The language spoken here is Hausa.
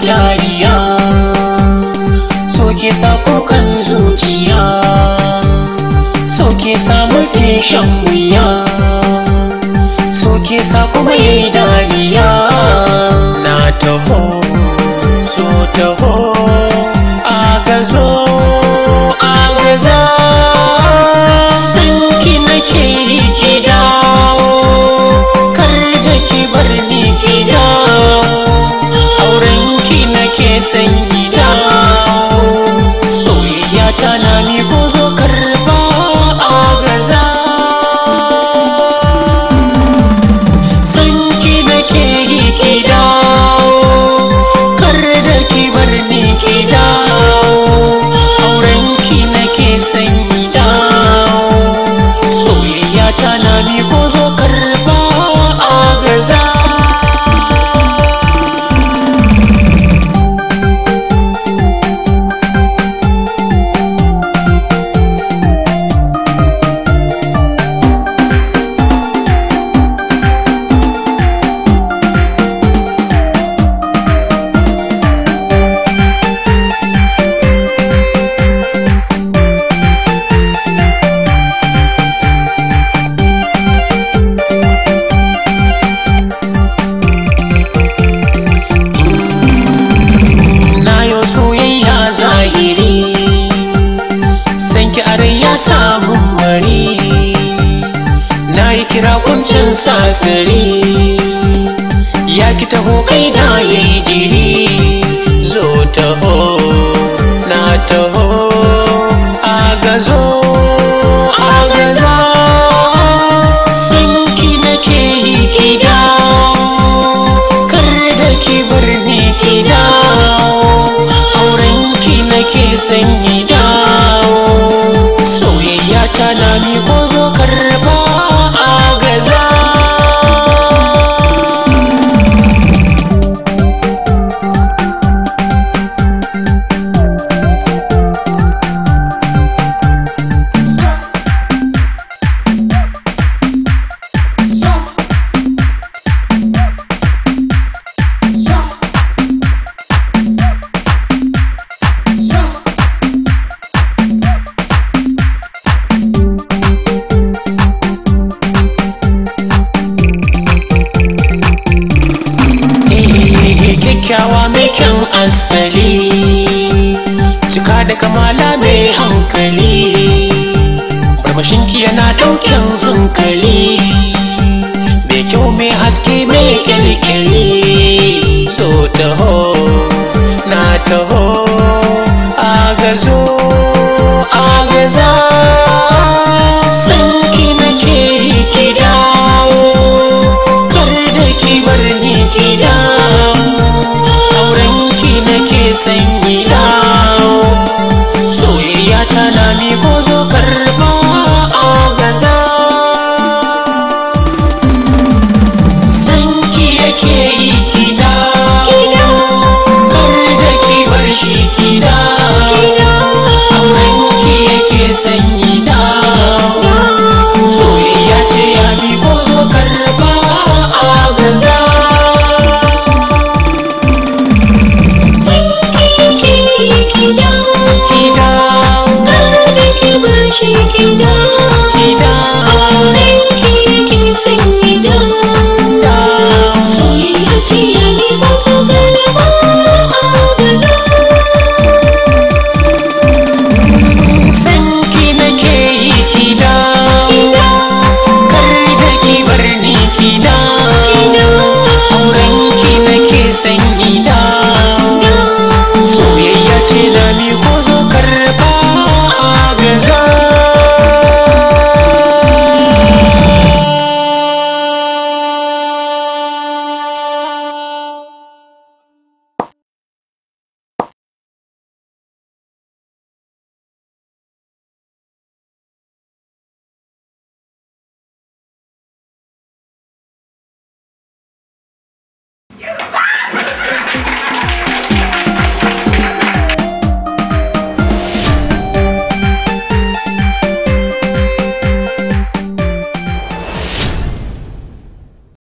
dariya soke sa zuciya soke sa muke shan wuya soke sa yi dariya na taho so taho a gazo a zo. Señor. asiri ya ki taho kai na yi jiri zo taho na taho a a agazo agaza sanki nake yi kida kar da ki bar ni ki aurenki nake sanyi asali cika da kamala mai hankali barbashinki yana ɗaukin hankali mai kyau mai haske mai kyalkyali so taho na taho a agaza sanki nake ki dawo kar da bar ni dawo auren ki nake san gidawo soyayya tana lami ko zo karba a gaza